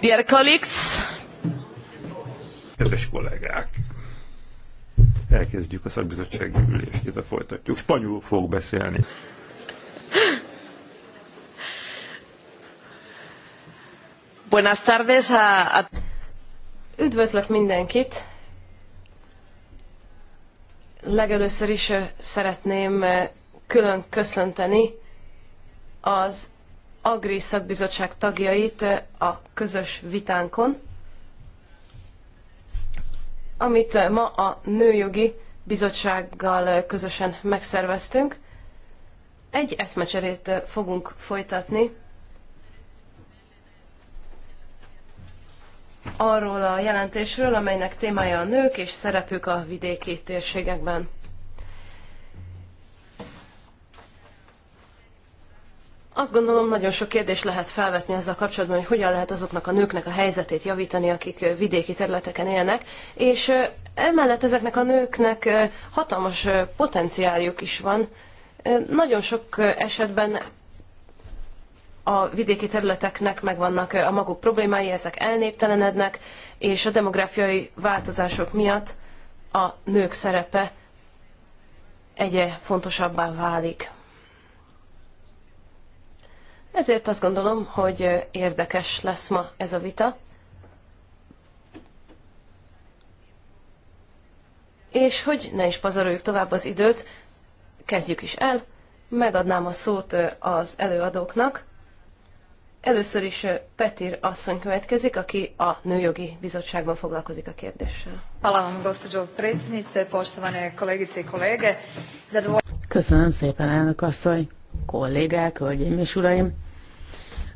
Dear colleagues. Kedves kollégák! Elkezdjük a szakbizottsági ülést, illetve folytatjuk. Spanyolul fogok beszélni. Buenas tardes a, a... Üdvözlök mindenkit! Legelőször is eh, szeretném eh, külön köszönteni az Agri szakbizottság tagjait eh, a közös vitánkon, amit eh, ma a Nőjogi Bizottsággal eh, közösen megszerveztünk. Egy eszmecserét fogunk folytatni arról a jelentésről, amelynek témája a nők és szerepük a vidéki térségekben. Azt gondolom, nagyon sok kérdést lehet felvetni ezzel kapcsolatban, hogy hogyan lehet azoknak a nőknek a helyzetét javítani, akik vidéki területeken élnek, és emellett ezeknek a nőknek hatalmas potenciáljuk is van. Nagyon sok esetben a vidéki területeknek megvannak a maguk problémái, ezek elnéptelenednek, és a demográfiai változások miatt a nők szerepe egyre fontosabbá válik. Ezért azt gondolom, hogy érdekes lesz ma ez a vita. És hogy ne is pazaroljuk tovább az időt, kezdjük is el. Megadnám a szót az előadóknak. Először is Petir asszony következik, aki a Nőjogi Bizottságban foglalkozik a kérdéssel. Köszönöm szépen, elnök asszony, kollégák, hölgyeim és uraim!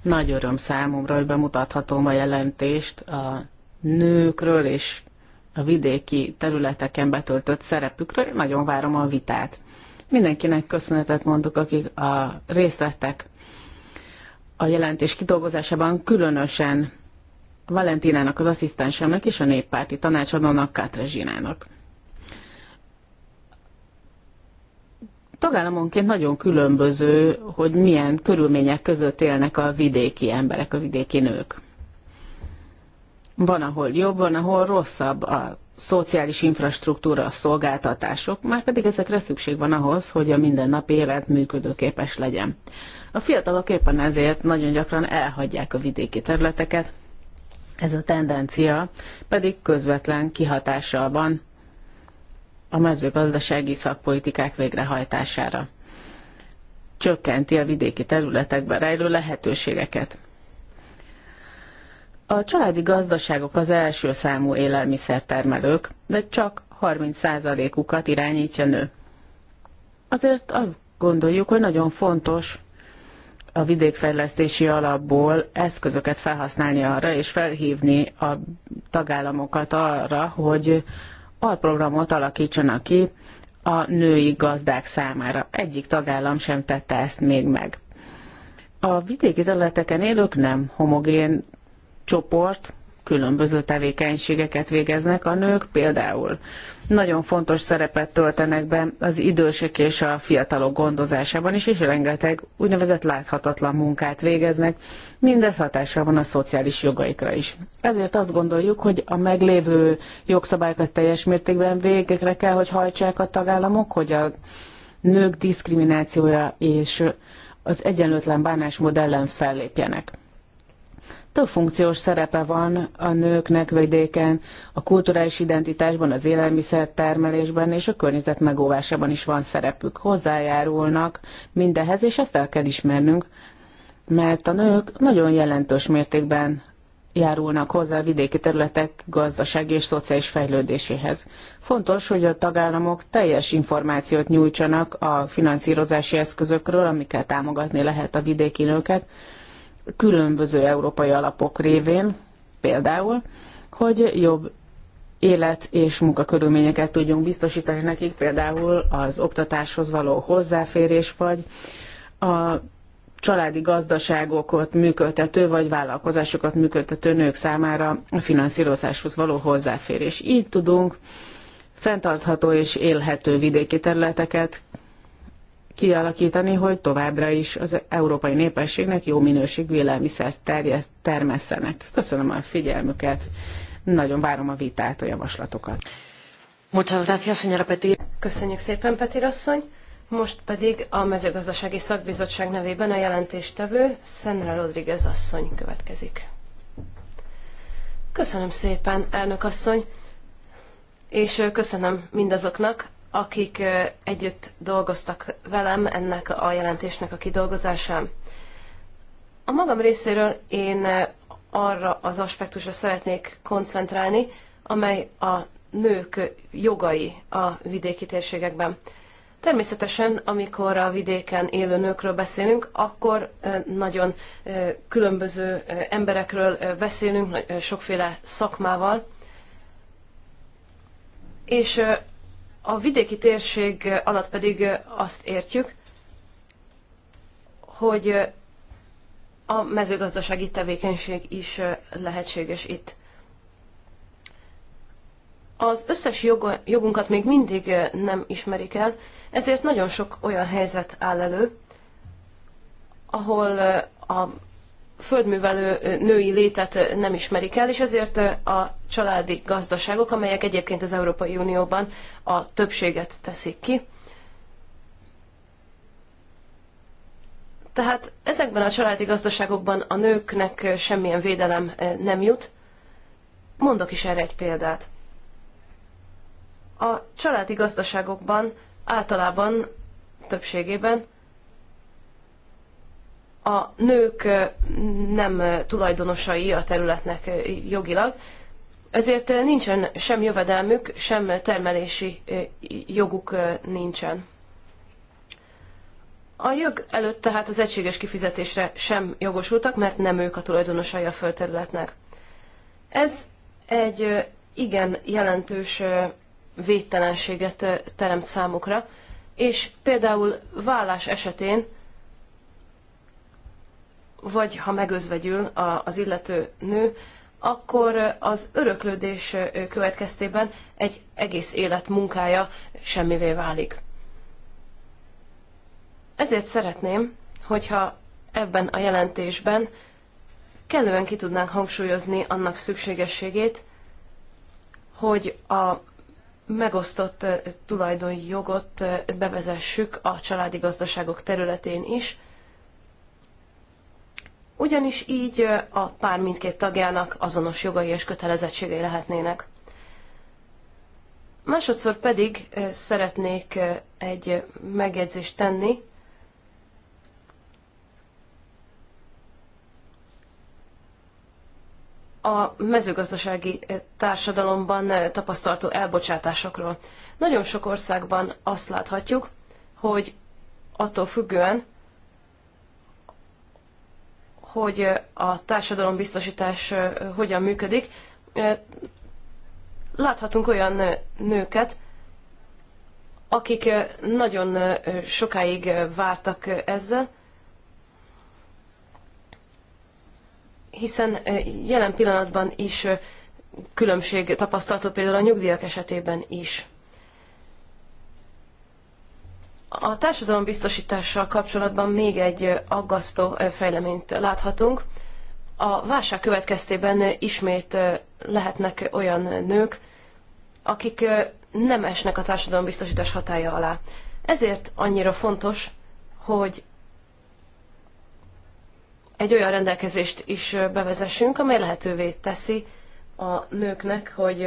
Nagy öröm számomra, hogy bemutathatom a jelentést a nőkről és a vidéki területeken betöltött szerepükről. Nagyon várom a vitát. Mindenkinek köszönetet mondok, akik a részt vettek a jelentés kidolgozásában, különösen Valentinának, az asszisztensemnek és a néppárti tanácsadónak, Kátrezsinának. tagállamonként nagyon különböző, hogy milyen körülmények között élnek a vidéki emberek, a vidéki nők. Van, ahol jobb, van, ahol rosszabb a szociális infrastruktúra, a szolgáltatások, már pedig ezekre szükség van ahhoz, hogy a mindennapi élet működőképes legyen. A fiatalok éppen ezért nagyon gyakran elhagyják a vidéki területeket, ez a tendencia pedig közvetlen kihatással van a mezőgazdasági szakpolitikák végrehajtására. Csökkenti a vidéki területekben rejlő lehetőségeket. A családi gazdaságok az első számú élelmiszertermelők, de csak 30%-ukat irányítja nő. Azért azt gondoljuk, hogy nagyon fontos a vidékfejlesztési alapból eszközöket felhasználni arra, és felhívni a tagállamokat arra, hogy alprogramot alakítsanak ki a női gazdák számára. Egyik tagállam sem tette ezt még meg. A vidéki területeken élők nem homogén csoport, különböző tevékenységeket végeznek a nők, például nagyon fontos szerepet töltenek be az idősek és a fiatalok gondozásában is, és rengeteg úgynevezett láthatatlan munkát végeznek, mindez hatásra van a szociális jogaikra is. Ezért azt gondoljuk, hogy a meglévő jogszabályokat teljes mértékben végekre kell, hogy hajtsák a tagállamok, hogy a nők diszkriminációja és az egyenlőtlen bánásmód ellen fellépjenek több funkciós szerepe van a nőknek vidéken, a kulturális identitásban, az élelmiszertermelésben és a környezet megóvásában is van szerepük. Hozzájárulnak mindehez, és ezt el kell ismernünk, mert a nők nagyon jelentős mértékben járulnak hozzá a vidéki területek gazdasági és szociális fejlődéséhez. Fontos, hogy a tagállamok teljes információt nyújtsanak a finanszírozási eszközökről, amikkel támogatni lehet a vidéki nőket, különböző európai alapok révén például, hogy jobb élet és munkakörülményeket tudjunk biztosítani nekik, például az oktatáshoz való hozzáférés, vagy a családi gazdaságokat működtető vagy vállalkozásokat működtető nők számára a finanszírozáshoz való hozzáférés. Így tudunk fenntartható és élhető vidéki területeket kialakítani, hogy továbbra is az európai népességnek jó minőségű élelmiszert terjed, termesszenek. Köszönöm a figyelmüket, nagyon várom a vitát, a javaslatokat. Köszönjük szépen, Peti asszony. Most pedig a mezőgazdasági szakbizottság nevében a jelentéstevő Szenra Rodriguez asszony következik. Köszönöm szépen, elnök asszony, és köszönöm mindazoknak, akik együtt dolgoztak velem ennek a jelentésnek a kidolgozásán. A magam részéről én arra az aspektusra szeretnék koncentrálni, amely a nők jogai a vidéki térségekben. Természetesen, amikor a vidéken élő nőkről beszélünk, akkor nagyon különböző emberekről beszélünk, sokféle szakmával, és a vidéki térség alatt pedig azt értjük, hogy a mezőgazdasági tevékenység is lehetséges itt. Az összes jogunkat még mindig nem ismerik el, ezért nagyon sok olyan helyzet áll elő, ahol a földművelő női létet nem ismerik el, és ezért a családi gazdaságok, amelyek egyébként az Európai Unióban a többséget teszik ki, Tehát ezekben a családi gazdaságokban a nőknek semmilyen védelem nem jut. Mondok is erre egy példát. A családi gazdaságokban általában, többségében a nők nem tulajdonosai a területnek jogilag, ezért nincsen sem jövedelmük, sem termelési joguk nincsen. A jog előtt tehát az egységes kifizetésre sem jogosultak, mert nem ők a tulajdonosai a földterületnek. Ez egy igen jelentős védtelenséget teremt számukra, és például vállás esetén vagy ha megözvegyül az illető nő, akkor az öröklődés következtében egy egész élet munkája semmivé válik. Ezért szeretném, hogyha ebben a jelentésben kellően ki tudnánk hangsúlyozni annak szükségességét, hogy a megosztott tulajdonjogot bevezessük a családi gazdaságok területén is, ugyanis így a pár mindkét tagjának azonos jogai és kötelezettségei lehetnének. Másodszor pedig szeretnék egy megjegyzést tenni. A mezőgazdasági társadalomban tapasztalható elbocsátásokról. Nagyon sok országban azt láthatjuk, hogy attól függően, hogy a társadalombiztosítás hogyan működik, láthatunk olyan nőket, akik nagyon sokáig vártak ezzel, hiszen jelen pillanatban is különbség tapasztalható például a nyugdíjak esetében is. A biztosítással kapcsolatban még egy aggasztó fejleményt láthatunk. A válság következtében ismét lehetnek olyan nők, akik nem esnek a biztosítás hatája alá. Ezért annyira fontos, hogy egy olyan rendelkezést is bevezessünk, amely lehetővé teszi a nőknek, hogy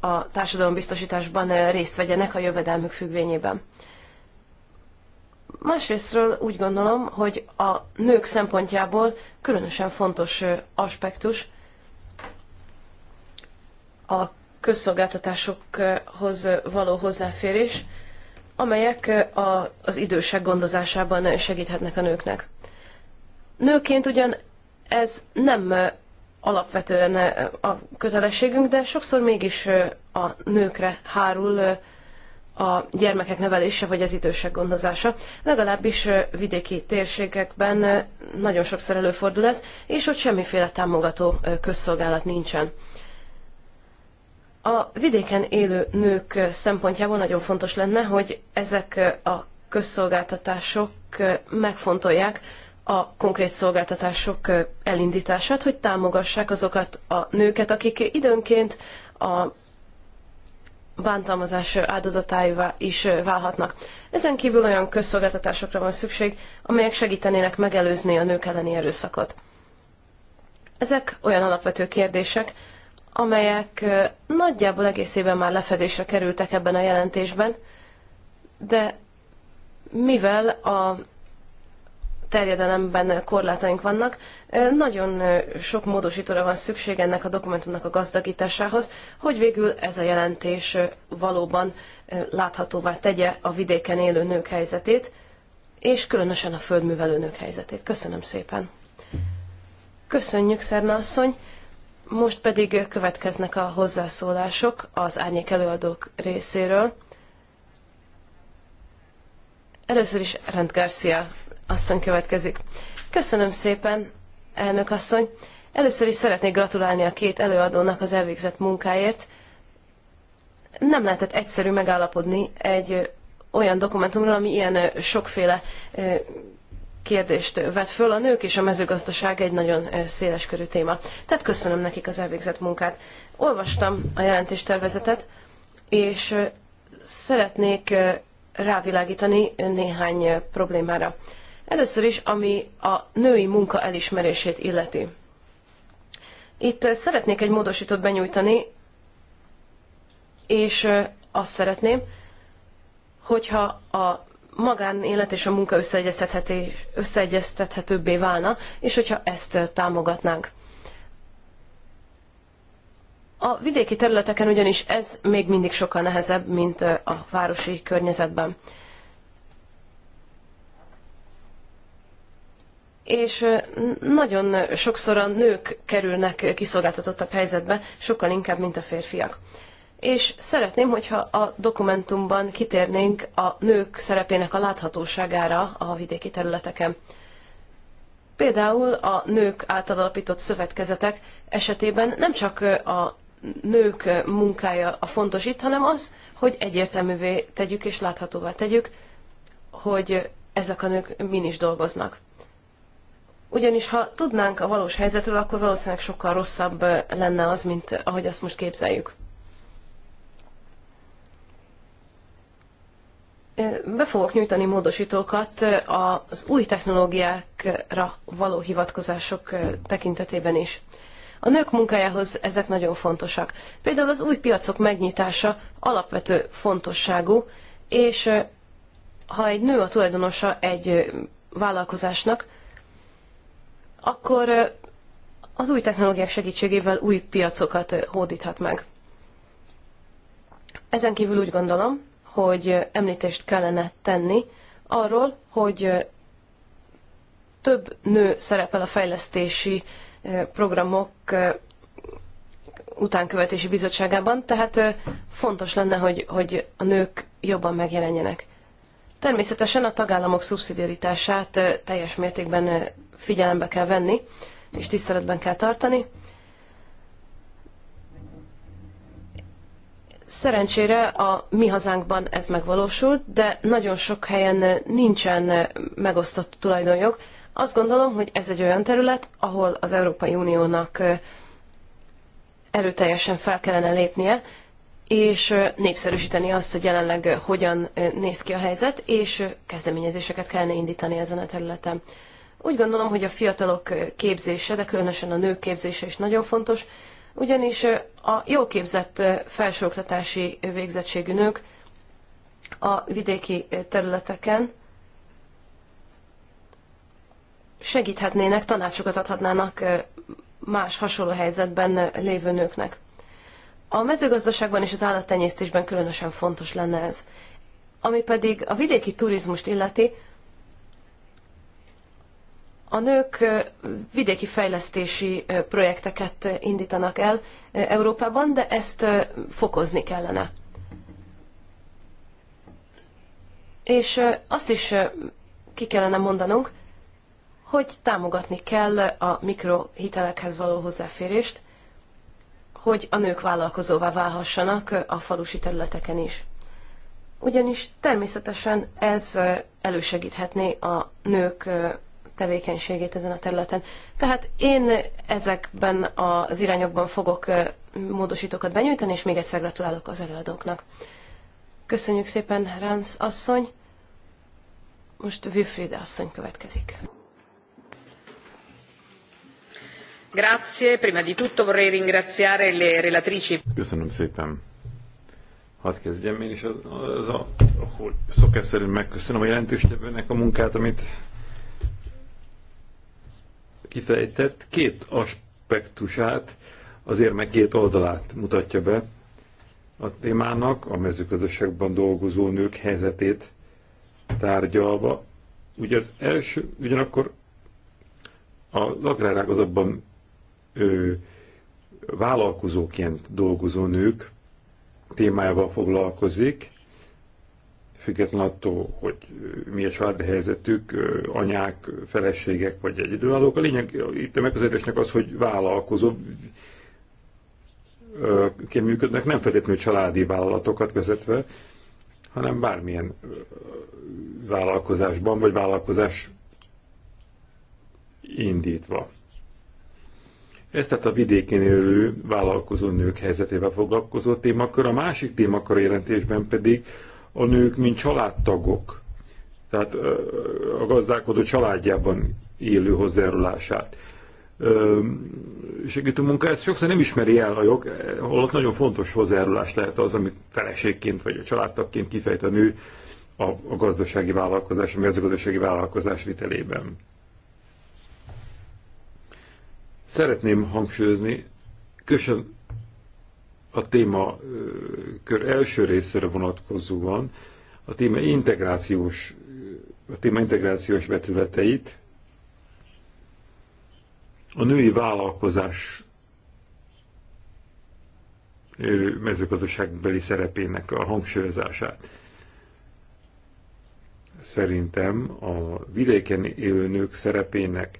a biztosításban részt vegyenek a jövedelmük függvényében. Másrésztről úgy gondolom, hogy a nők szempontjából különösen fontos aspektus a közszolgáltatásokhoz való hozzáférés, amelyek a, az idősek gondozásában segíthetnek a nőknek. Nőként ugyan ez nem alapvetően a kötelességünk, de sokszor mégis a nőkre hárul a gyermekek nevelése vagy az idősek gondozása. Legalábbis vidéki térségekben nagyon sokszor előfordul ez, és ott semmiféle támogató közszolgálat nincsen. A vidéken élő nők szempontjából nagyon fontos lenne, hogy ezek a közszolgáltatások megfontolják a konkrét szolgáltatások elindítását, hogy támogassák azokat a nőket, akik időnként a bántalmazás áldozatáival is válhatnak. Ezen kívül olyan közszolgáltatásokra van szükség, amelyek segítenének megelőzni a nők elleni erőszakot. Ezek olyan alapvető kérdések, amelyek nagyjából egészében már lefedésre kerültek ebben a jelentésben, de mivel a terjedelemben korlátaink vannak. Nagyon sok módosítóra van szükség ennek a dokumentumnak a gazdagításához, hogy végül ez a jelentés valóban láthatóvá tegye a vidéken élő nők helyzetét, és különösen a földművelő nők helyzetét. Köszönöm szépen! Köszönjük, Szerna asszony! Most pedig következnek a hozzászólások az árnyék előadók részéről. Először is Rend Garcia asszony következik. Köszönöm szépen, elnök asszony. Először is szeretnék gratulálni a két előadónak az elvégzett munkáért. Nem lehetett egyszerű megállapodni egy olyan dokumentumról, ami ilyen sokféle kérdést vet föl. A nők és a mezőgazdaság egy nagyon széleskörű téma. Tehát köszönöm nekik az elvégzett munkát. Olvastam a jelentéstervezetet, és szeretnék rávilágítani néhány problémára. Először is, ami a női munka elismerését illeti. Itt eh, szeretnék egy módosítót benyújtani, és eh, azt szeretném, hogyha a magánélet és a munka összeegyeztethetőbbé válna, és hogyha ezt eh, támogatnánk. A vidéki területeken ugyanis ez még mindig sokkal nehezebb, mint a városi környezetben. és nagyon sokszor a nők kerülnek kiszolgáltatottabb helyzetbe, sokkal inkább, mint a férfiak. És szeretném, hogyha a dokumentumban kitérnénk a nők szerepének a láthatóságára a vidéki területeken. Például a nők által alapított szövetkezetek esetében nem csak a nők munkája a fontos itt, hanem az, hogy egyértelművé tegyük és láthatóvá tegyük, hogy ezek a nők min is dolgoznak ugyanis ha tudnánk a valós helyzetről, akkor valószínűleg sokkal rosszabb lenne az, mint ahogy azt most képzeljük. Be fogok nyújtani módosítókat az új technológiákra való hivatkozások tekintetében is. A nők munkájához ezek nagyon fontosak. Például az új piacok megnyitása alapvető fontosságú, és ha egy nő a tulajdonosa egy vállalkozásnak, akkor az új technológiák segítségével új piacokat hódíthat meg. Ezen kívül úgy gondolom, hogy említést kellene tenni arról, hogy több nő szerepel a fejlesztési programok utánkövetési bizottságában, tehát fontos lenne, hogy, hogy a nők jobban megjelenjenek. Természetesen a tagállamok szubszidiaritását teljes mértékben figyelembe kell venni, és tiszteletben kell tartani. Szerencsére a mi hazánkban ez megvalósult, de nagyon sok helyen nincsen megosztott tulajdonjog. Azt gondolom, hogy ez egy olyan terület, ahol az Európai Uniónak erőteljesen fel kellene lépnie, és népszerűsíteni azt, hogy jelenleg hogyan néz ki a helyzet, és kezdeményezéseket kellene indítani ezen a területen. Úgy gondolom, hogy a fiatalok képzése, de különösen a nők képzése is nagyon fontos, ugyanis a jó képzett felsőoktatási végzettségű nők a vidéki területeken segíthetnének, tanácsokat adhatnának más hasonló helyzetben lévő nőknek. A mezőgazdaságban és az állattenyésztésben különösen fontos lenne ez. Ami pedig a vidéki turizmust illeti, a nők vidéki fejlesztési projekteket indítanak el Európában, de ezt fokozni kellene. És azt is ki kellene mondanunk, hogy támogatni kell a mikrohitelekhez való hozzáférést, hogy a nők vállalkozóvá válhassanak a falusi területeken is. Ugyanis természetesen ez elősegíthetné a nők tevékenységét ezen a területen. Tehát én ezekben az irányokban fogok módosítókat benyújtani, és még egyszer gratulálok az előadóknak. Köszönjük szépen, Ránc asszony. Most Wilfried asszony következik. Grazie, prima di tutto vorrei ringraziare le relatrici. Köszönöm szépen. Hadd kezdjem én is az, az a, a szokásszerűen megköszönöm a jelentőstevőnek a munkát, amit kifejtett két aspektusát, azért meg két oldalát mutatja be a témának, a mezőgazdaságban dolgozó nők helyzetét tárgyalva. Ugye az első, ugyanakkor az agrárágazatban vállalkozóként dolgozó nők témájával foglalkozik, független attól, hogy mi a családi helyzetük, anyák, feleségek vagy egyedülállók. A lényeg itt a megközelítésnek az, hogy vállalkozó működnek, nem feltétlenül családi vállalatokat vezetve, hanem bármilyen vállalkozásban vagy vállalkozás indítva. Ez tehát a vidéken élő vállalkozó nők helyzetével foglalkozó témakör, a másik témakör jelentésben pedig a nők, mint családtagok, tehát a gazdálkodó családjában élő hozzájárulását. Segítő munka, ezt sokszor nem ismeri el a jog, holott nagyon fontos hozzájárulás lehet az, amit feleségként vagy a családtagként kifejt a nő a, a gazdasági vállalkozás, a mezőgazdasági vállalkozás vitelében. Szeretném hangsúlyozni, Köszönöm a téma kör első részére vonatkozóan a téma integrációs, a téma integrációs vetületeit, a női vállalkozás mezőgazdaságbeli szerepének a hangsúlyozását. Szerintem a vidéken élő nők szerepének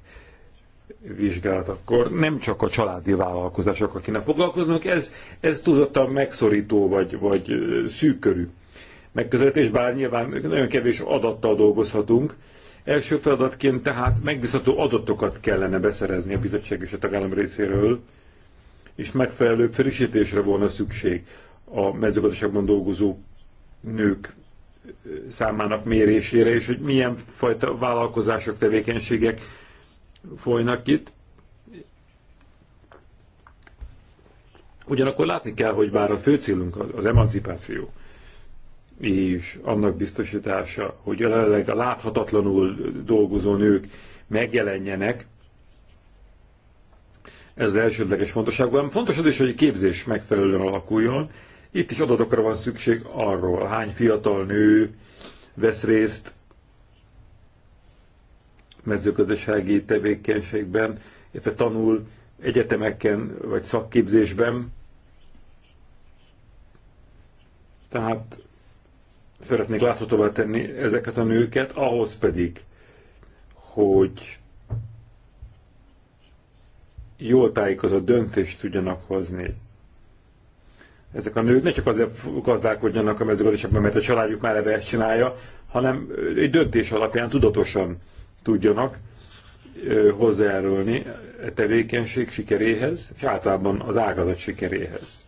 vizsgálat, akkor nem csak a családi vállalkozásokkal akinek foglalkoznak, ez, ez túlzottan megszorító vagy, vagy szűkörű megközelítés, bár nyilván nagyon kevés adattal dolgozhatunk. Első feladatként tehát megbízható adatokat kellene beszerezni a bizottság és a tagállam részéről, és megfelelő frissítésre volna szükség a mezőgazdaságban dolgozó nők számának mérésére, és hogy milyen fajta vállalkozások, tevékenységek folynak itt. Ugyanakkor látni kell, hogy bár a fő célunk az, az emancipáció, és annak biztosítása, hogy jelenleg a láthatatlanul dolgozó nők megjelenjenek, ez az elsődleges fontosságban. fontos az is, hogy a képzés megfelelően alakuljon. Itt is adatokra van szükség arról, hány fiatal nő vesz részt mezőgazdasági tevékenységben, illetve tanul egyetemeken vagy szakképzésben. Tehát szeretnék láthatóvá tenni ezeket a nőket, ahhoz pedig, hogy jól tájékozott döntést tudjanak hozni. Ezek a nők ne csak azért gazdálkodjanak a mezőgazdaságban, mert a családjuk már ebbe ezt csinálja, hanem egy döntés alapján tudatosan tudjanak hozzájárulni a e tevékenység sikeréhez, és általában az ágazat sikeréhez.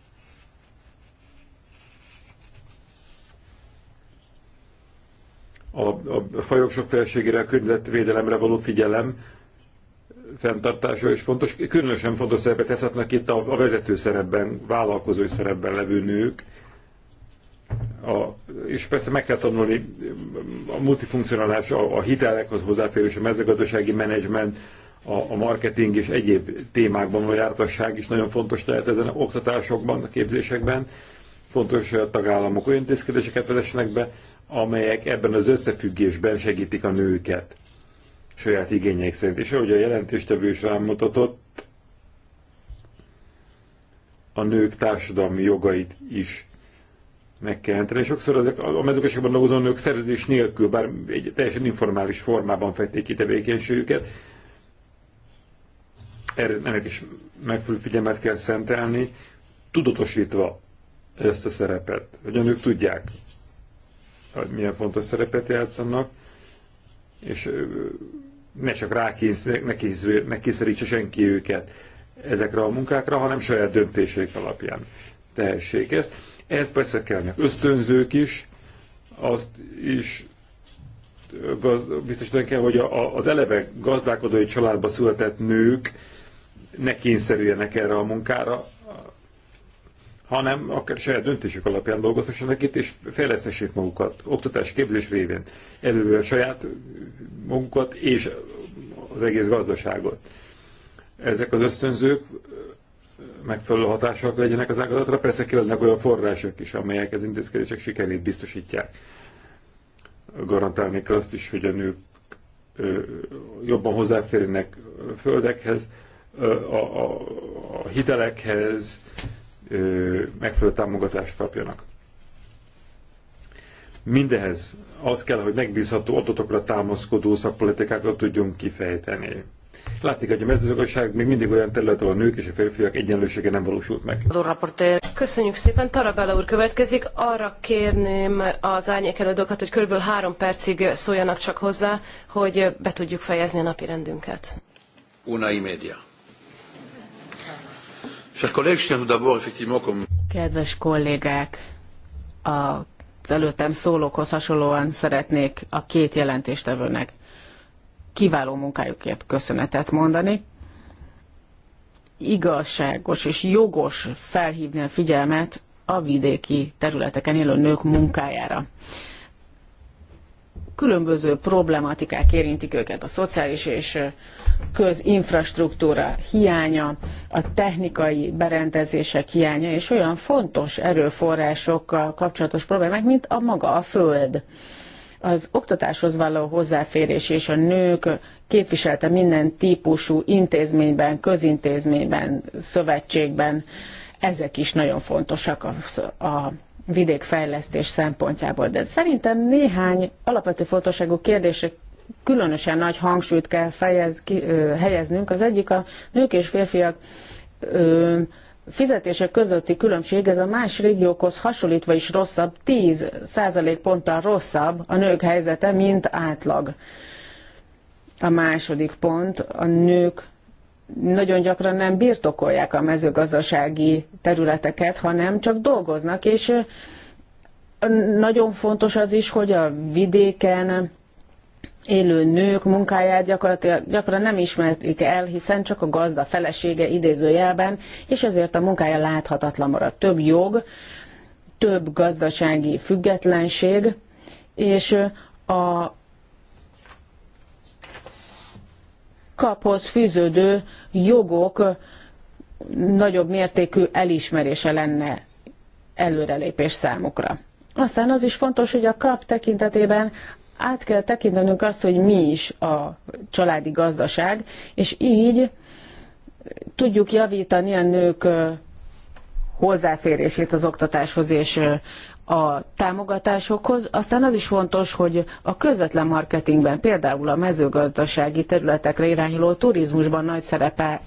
A, a fajok sokféleségére, a környezetvédelemre való figyelem fenntartása is fontos. Különösen fontos szerepet játszhatnak itt a, a vezető szerepben, vállalkozói szerepben levő nők, a, és persze meg kell tanulni a multifunkcionálás, a, a hitelekhoz hozzáférés, a mezőgazdasági menedzsment, a, a marketing és egyéb témákban való jártasság is nagyon fontos lehet ezen a oktatásokban, a képzésekben. Fontos, hogy a tagállamok olyan intézkedéseket vezessenek be, amelyek ebben az összefüggésben segítik a nőket saját igényeik szerint. És ahogy a jelentéstevő is rámutatott, a nők társadalmi jogait is meg kell jelenteni. Sokszor ezek a mezőgazdaságban dolgozó nők szerződés nélkül, bár egy teljesen informális formában fejték ki tevékenységüket, erre ennek is megfelelő figyelmet kell szentelni, tudatosítva ezt a szerepet, hogy a nők tudják, hogy milyen fontos szerepet játszanak, és ne csak rákénysz, ne, senki őket ezekre a munkákra, hanem saját döntéseik alapján tehessék ezt. Ez persze kellene. ösztönzők is, azt is biztos kell, hogy az eleve gazdálkodói családba született nők ne kényszerüljenek erre a munkára, hanem akár saját döntések alapján dolgozhassanak itt, és fejlesztessék magukat oktatás képzés révén, előbb a saját magukat és az egész gazdaságot. Ezek az ösztönzők megfelelő hatásak legyenek az ágazatra, persze kellenek olyan források is, amelyek az intézkedések sikerét biztosítják. Garantálni kell azt is, hogy a nők jobban hozzáférnek földekhez, a, a, a hitelekhez, megfelelő támogatást kapjanak. Mindehez az kell, hogy megbízható adatokra támaszkodó szakpolitikákat tudjunk kifejteni. Látni, hogy a mezőgazdaság még mindig olyan terület, ahol a nők és a férfiak egyenlősége nem valósult meg. Köszönjük szépen. Tarabella úr következik. Arra kérném az árnyék előadókat, hogy körülbelül három percig szóljanak csak hozzá, hogy be tudjuk fejezni a napi rendünket. Una y media. Kedves kollégák, az előttem szólókhoz hasonlóan szeretnék a két jelentéstevőnek kiváló munkájukért köszönetet mondani. Igazságos és jogos felhívni a figyelmet a vidéki területeken élő nők munkájára. Különböző problematikák érintik őket, a szociális és közinfrastruktúra hiánya, a technikai berendezések hiánya, és olyan fontos erőforrásokkal kapcsolatos problémák, mint a maga a föld az oktatáshoz való hozzáférés és a nők képviselte minden típusú intézményben, közintézményben, szövetségben, ezek is nagyon fontosak a, a vidékfejlesztés szempontjából. De szerintem néhány alapvető fontosságú kérdésre különösen nagy hangsúlyt kell fejez, ki, ö, helyeznünk. Az egyik a nők és férfiak ö, fizetések közötti különbség, ez a más régiókhoz hasonlítva is rosszabb, 10 ponttal rosszabb a nők helyzete, mint átlag. A második pont, a nők nagyon gyakran nem birtokolják a mezőgazdasági területeket, hanem csak dolgoznak, és nagyon fontos az is, hogy a vidéken élő nők munkáját gyakorlatilag gyakran nem ismerik el, hiszen csak a gazda felesége idézőjelben, és ezért a munkája láthatatlan marad. Több jog, több gazdasági függetlenség, és a kaphoz fűződő jogok nagyobb mértékű elismerése lenne előrelépés számukra. Aztán az is fontos, hogy a kap tekintetében át kell tekintenünk azt, hogy mi is a családi gazdaság, és így tudjuk javítani a nők hozzáférését az oktatáshoz és a támogatásokhoz. Aztán az is fontos, hogy a közvetlen marketingben, például a mezőgazdasági területekre irányuló turizmusban nagy szerepe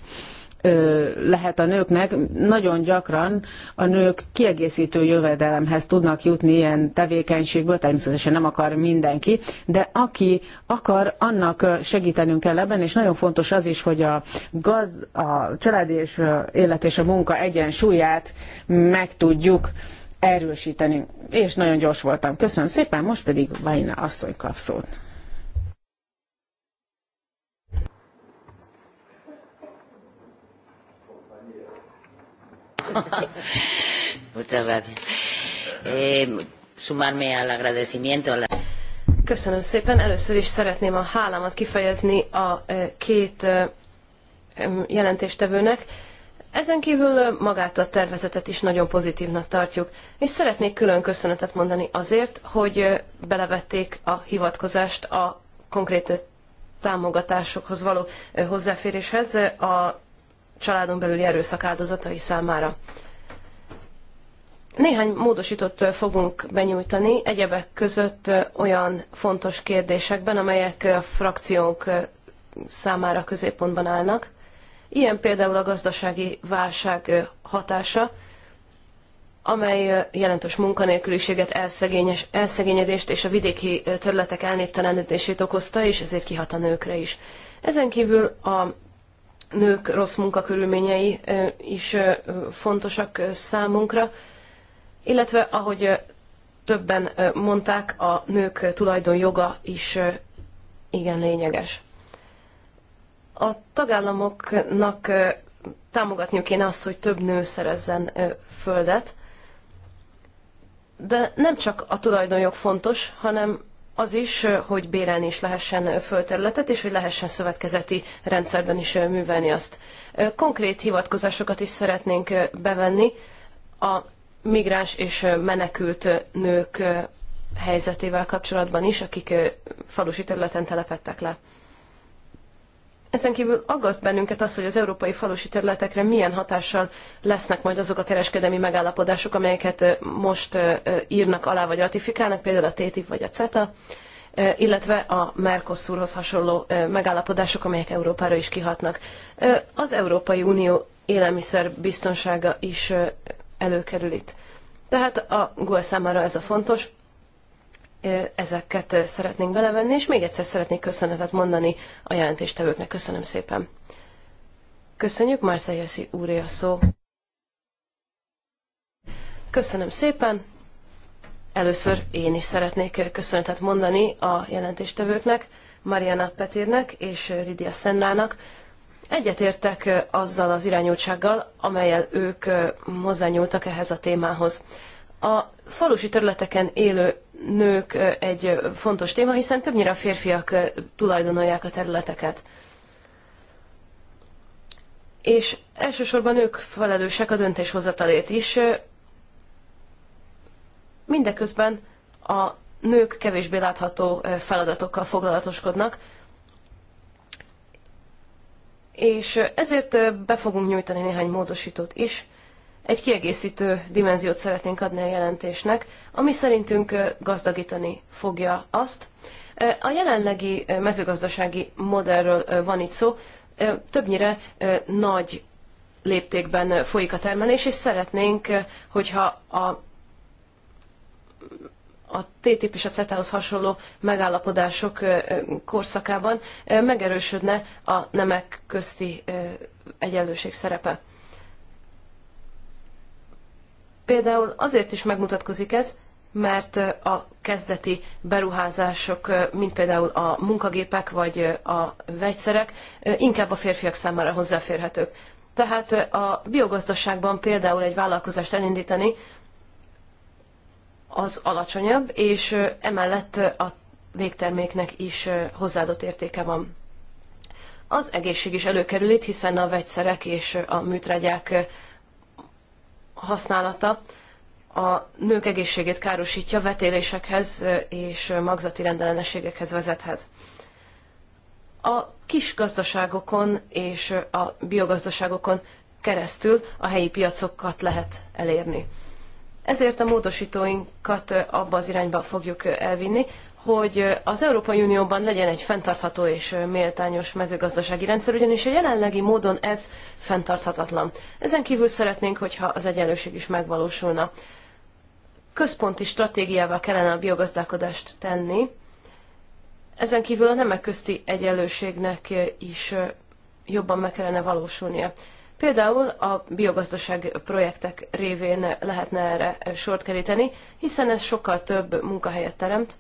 lehet a nőknek, nagyon gyakran a nők kiegészítő jövedelemhez tudnak jutni ilyen tevékenységből, természetesen nem akar mindenki, de aki akar, annak segítenünk kell ebben, és nagyon fontos az is, hogy a, gaz, a család és élet és a munka egyensúlyát meg tudjuk erősíteni. És nagyon gyors voltam. Köszönöm szépen, most pedig Vajna asszony kap szót. Muchas gracias. Eh, sumarme al agradecimiento. A la... Köszönöm szépen. Először is szeretném a hálámat kifejezni a eh, két eh, jelentéstevőnek. Ezen kívül eh, magát a tervezetet is nagyon pozitívnak tartjuk, és szeretnék külön köszönetet mondani azért, hogy belevették a hivatkozást a konkrét támogatásokhoz való hozzáféréshez a családon belüli erőszak áldozatai számára. Néhány módosított fogunk benyújtani, egyebek között olyan fontos kérdésekben, amelyek a frakciónk számára középpontban állnak. Ilyen például a gazdasági válság hatása, amely jelentős munkanélküliséget, elszegényedést és a vidéki területek elnéptelenedését okozta, és ezért kihat a nőkre is. Ezen kívül a nők rossz munkakörülményei is fontosak számunkra, illetve ahogy többen mondták, a nők tulajdonjoga is igen lényeges. A tagállamoknak támogatniuk kéne azt, hogy több nő szerezzen földet, de nem csak a tulajdonjog fontos, hanem az is, hogy bérelni is lehessen földterületet, és hogy lehessen szövetkezeti rendszerben is művelni azt. Konkrét hivatkozásokat is szeretnénk bevenni a migráns és menekült nők helyzetével kapcsolatban is, akik falusi területen telepettek le. Ezen kívül aggaszt bennünket az, hogy az európai falusi területekre milyen hatással lesznek majd azok a kereskedelmi megállapodások, amelyeket most írnak alá vagy ratifikálnak, például a TTIP vagy a CETA, illetve a Mercosurhoz hasonló megállapodások, amelyek Európára is kihatnak. Az Európai Unió élelmiszer biztonsága is előkerül itt. Tehát a GUE számára ez a fontos, ezeket szeretnénk belevenni, és még egyszer szeretnék köszönetet mondani a jelentéstevőknek. Köszönöm szépen. Köszönjük, Marcel Jesszi úré a szó. Köszönöm szépen. Először én is szeretnék köszönetet mondani a jelentéstevőknek, Mariana Petirnek és Ridia Szennának. Egyetértek azzal az irányultsággal, amelyel ők hozzányúltak ehhez a témához. A falusi területeken élő nők egy fontos téma, hiszen többnyire a férfiak tulajdonolják a területeket. És elsősorban ők felelősek a döntéshozatalét is. Mindeközben a nők kevésbé látható feladatokkal foglalatoskodnak, és ezért be fogunk nyújtani néhány módosítót is, egy kiegészítő dimenziót szeretnénk adni a jelentésnek, ami szerintünk gazdagítani fogja azt. A jelenlegi mezőgazdasági modellről van itt szó, többnyire nagy léptékben folyik a termelés, és szeretnénk, hogyha a, a TTIP és a CETA-hoz hasonló megállapodások korszakában megerősödne a nemek közti egyenlőség szerepe. Például azért is megmutatkozik ez, mert a kezdeti beruházások, mint például a munkagépek vagy a vegyszerek, inkább a férfiak számára hozzáférhetők. Tehát a biogazdaságban például egy vállalkozást elindítani az alacsonyabb, és emellett a végterméknek is hozzáadott értéke van. Az egészség is előkerül itt, hiszen a vegyszerek és a műtrágyák használata a nők egészségét károsítja, vetélésekhez és magzati rendellenességekhez vezethet. A kis gazdaságokon és a biogazdaságokon keresztül a helyi piacokat lehet elérni. Ezért a módosítóinkat abba az irányba fogjuk elvinni, hogy az Európai Unióban legyen egy fenntartható és méltányos mezőgazdasági rendszer, ugyanis a jelenlegi módon ez fenntarthatatlan. Ezen kívül szeretnénk, hogyha az egyenlőség is megvalósulna. Központi stratégiával kellene a biogazdálkodást tenni, ezen kívül a nemek közti egyenlőségnek is jobban meg kellene valósulnia. Például a biogazdaság projektek révén lehetne erre sort keríteni, hiszen ez sokkal több munkahelyet teremt,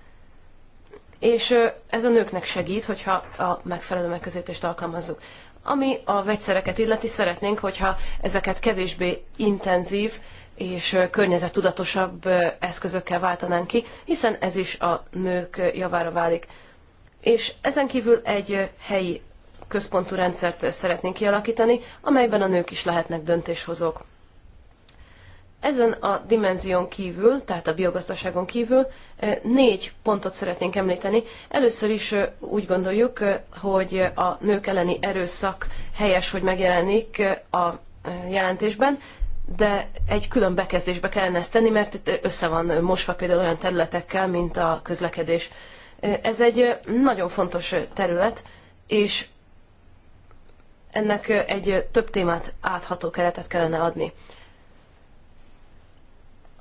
és ez a nőknek segít, hogyha a megfelelő megközelítést alkalmazzuk. Ami a vegyszereket illeti, szeretnénk, hogyha ezeket kevésbé intenzív és környezettudatosabb eszközökkel váltanánk ki, hiszen ez is a nők javára válik. És ezen kívül egy helyi központú rendszert szeretnénk kialakítani, amelyben a nők is lehetnek döntéshozók. Ezen a dimenzión kívül, tehát a biogazdaságon kívül négy pontot szeretnénk említeni. Először is úgy gondoljuk, hogy a nők elleni erőszak helyes, hogy megjelenik a jelentésben, de egy külön bekezdésbe kellene ezt tenni, mert itt össze van mosva például olyan területekkel, mint a közlekedés. Ez egy nagyon fontos terület, és ennek egy több témát átható keretet kellene adni.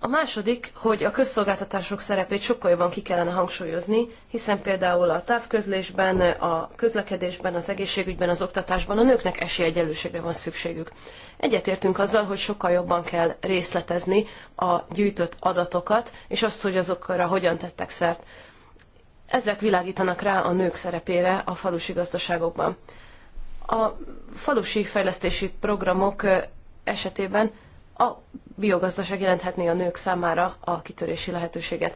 A második, hogy a közszolgáltatások szerepét sokkal jobban ki kellene hangsúlyozni, hiszen például a távközlésben, a közlekedésben, az egészségügyben, az oktatásban a nőknek esélyegyelőségre van szükségük. Egyetértünk azzal, hogy sokkal jobban kell részletezni a gyűjtött adatokat, és azt, hogy azokra hogyan tettek szert. Ezek világítanak rá a nők szerepére a falusi gazdaságokban. A falusi fejlesztési programok esetében a biogazdaság jelenthetné a nők számára a kitörési lehetőséget.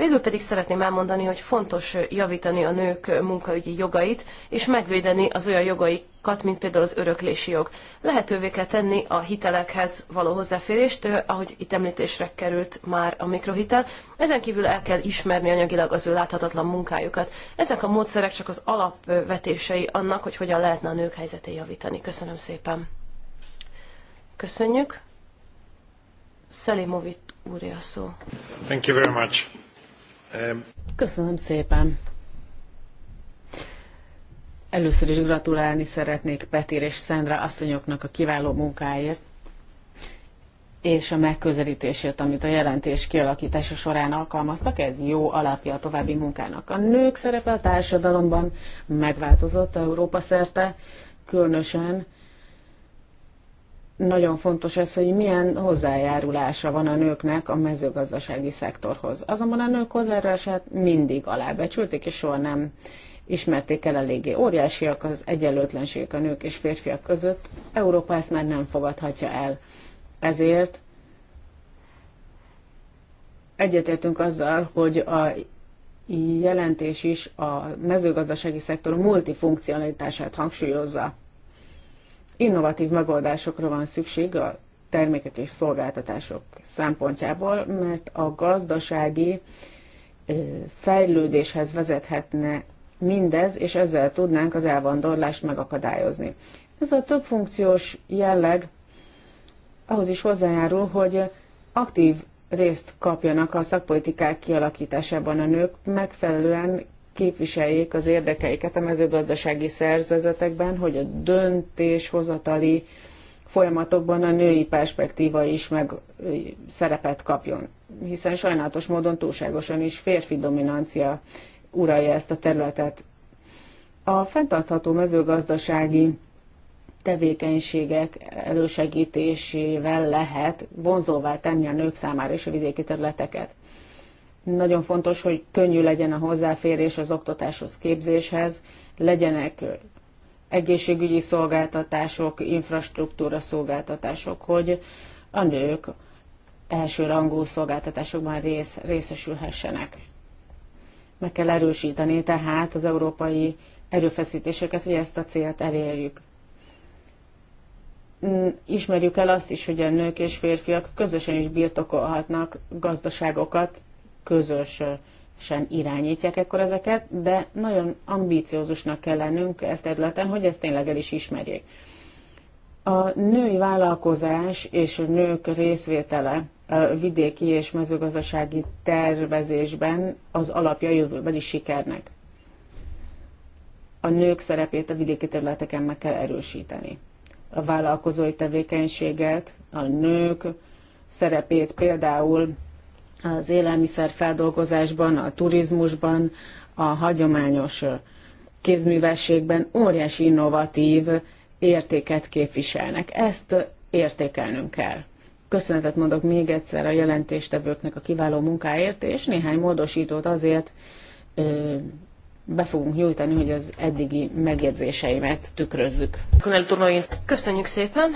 Végül pedig szeretném elmondani, hogy fontos javítani a nők munkaügyi jogait, és megvédeni az olyan jogaikat, mint például az öröklési jog. Lehetővé kell tenni a hitelekhez való hozzáférést, eh, ahogy itt említésre került már a mikrohitel. Ezen kívül el kell ismerni anyagilag az ő láthatatlan munkájukat. Ezek a módszerek csak az alapvetései annak, hogy hogyan lehetne a nők helyzetét javítani. Köszönöm szépen. Köszönjük. Szelimovit úr a szó. Thank you very much. Köszönöm szépen. Először is gratulálni szeretnék Petir és Szendra asszonyoknak a kiváló munkáért és a megközelítésért, amit a jelentés kialakítása során alkalmaztak, ez jó alapja a további munkának. A nők szerepe a társadalomban megváltozott Európa szerte, különösen nagyon fontos ez, hogy milyen hozzájárulása van a nőknek a mezőgazdasági szektorhoz. Azonban a nők hozzájárulását mindig alábecsülték, és soha nem ismerték el eléggé. Óriásiak az egyenlőtlenségek a nők és férfiak között. Európa ezt már nem fogadhatja el. Ezért egyetértünk azzal, hogy a jelentés is a mezőgazdasági szektor multifunkcionalitását hangsúlyozza innovatív megoldásokra van szükség a termékek és szolgáltatások szempontjából, mert a gazdasági fejlődéshez vezethetne mindez, és ezzel tudnánk az elvándorlást megakadályozni. Ez a többfunkciós jelleg ahhoz is hozzájárul, hogy aktív részt kapjanak a szakpolitikák kialakításában a nők, megfelelően képviseljék az érdekeiket a mezőgazdasági szerzetekben, hogy a döntéshozatali folyamatokban a női perspektíva is meg szerepet kapjon. Hiszen sajnálatos módon túlságosan is férfi dominancia uralja ezt a területet. A fenntartható mezőgazdasági tevékenységek elősegítésével lehet vonzóvá tenni a nők számára és a vidéki területeket. Nagyon fontos, hogy könnyű legyen a hozzáférés az oktatáshoz, képzéshez, legyenek egészségügyi szolgáltatások, infrastruktúra szolgáltatások, hogy a nők elsőrangú szolgáltatásokban rész, részesülhessenek. Meg kell erősíteni tehát az európai erőfeszítéseket, hogy ezt a célt elérjük. Mm, ismerjük el azt is, hogy a nők és férfiak közösen is birtokolhatnak gazdaságokat, közösen irányítják ekkor ezeket, de nagyon ambíciózusnak kell lennünk ezt területen, hogy ezt tényleg el is ismerjék. A női vállalkozás és a nők részvétele a vidéki és mezőgazdasági tervezésben az alapja jövőbeli sikernek. A nők szerepét a vidéki területeken meg kell erősíteni. A vállalkozói tevékenységet, a nők szerepét például az élelmiszerfeldolgozásban, a turizmusban, a hagyományos kézművességben óriási innovatív értéket képviselnek. Ezt értékelnünk kell. Köszönetet mondok még egyszer a jelentéstevőknek a kiváló munkáért, és néhány módosítót azért be fogunk nyújtani, hogy az eddigi megjegyzéseimet tükrözzük. Köszönjük szépen,